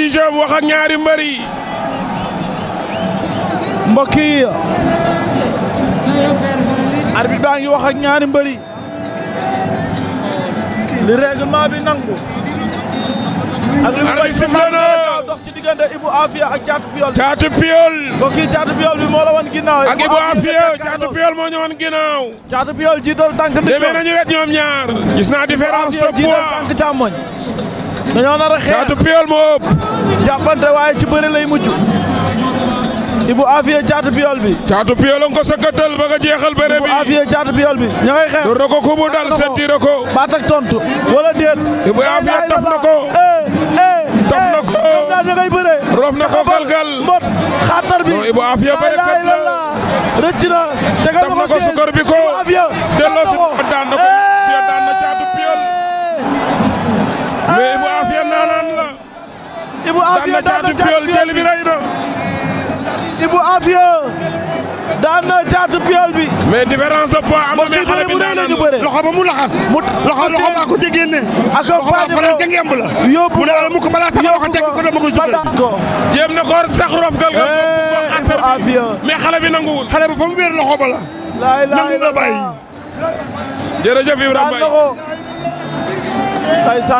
décision wax ak ñaari mbër yi mbokk yi baa ngi wax ak ñaari mbër yi li règlement bi nangu ak li mu ak Caatu Piyol Caatu Piyol mbokk yi Caatu bi moo la woon ginnaaw ak Ibou Afia Caatu Piyol moo ñëwoon ginnaaw Caatu Piyol jiital tànk demee nañu wet ñoom ñaar gis naa différence de poids tànk càmmoñ dañoo nar a xeex Caatu Piol moo ëpp. jàppante waaye ci bëri lay mujj. Ibou Afia Caatu Piol bi. Caatu Piol nga ko ba nga bëre bi. Ibou Afia Caatu Piol bi ña ngay xeex. door ko kubu dal seetlu ko. baat ak tontu wala déet. Ibou Afia taf eh, eh, eh. ko. taf ko. mbot xaatar bi. Ibou Afia bëre kat la. rëcc na ko sukar bi ko. Afia daan na Caatu Piol bi rëy na. Ibu Afia daan na Caatu bi. mais différence de poids am na mais xale bi daan na loxo ba mu laxas. ko ca ko ca ko mu jéem na ko sax rof gal gal. Eh, Ibu Afia mais xale bi loxo ba la. laay laay la bàyyi. jërëjëf Ibrahima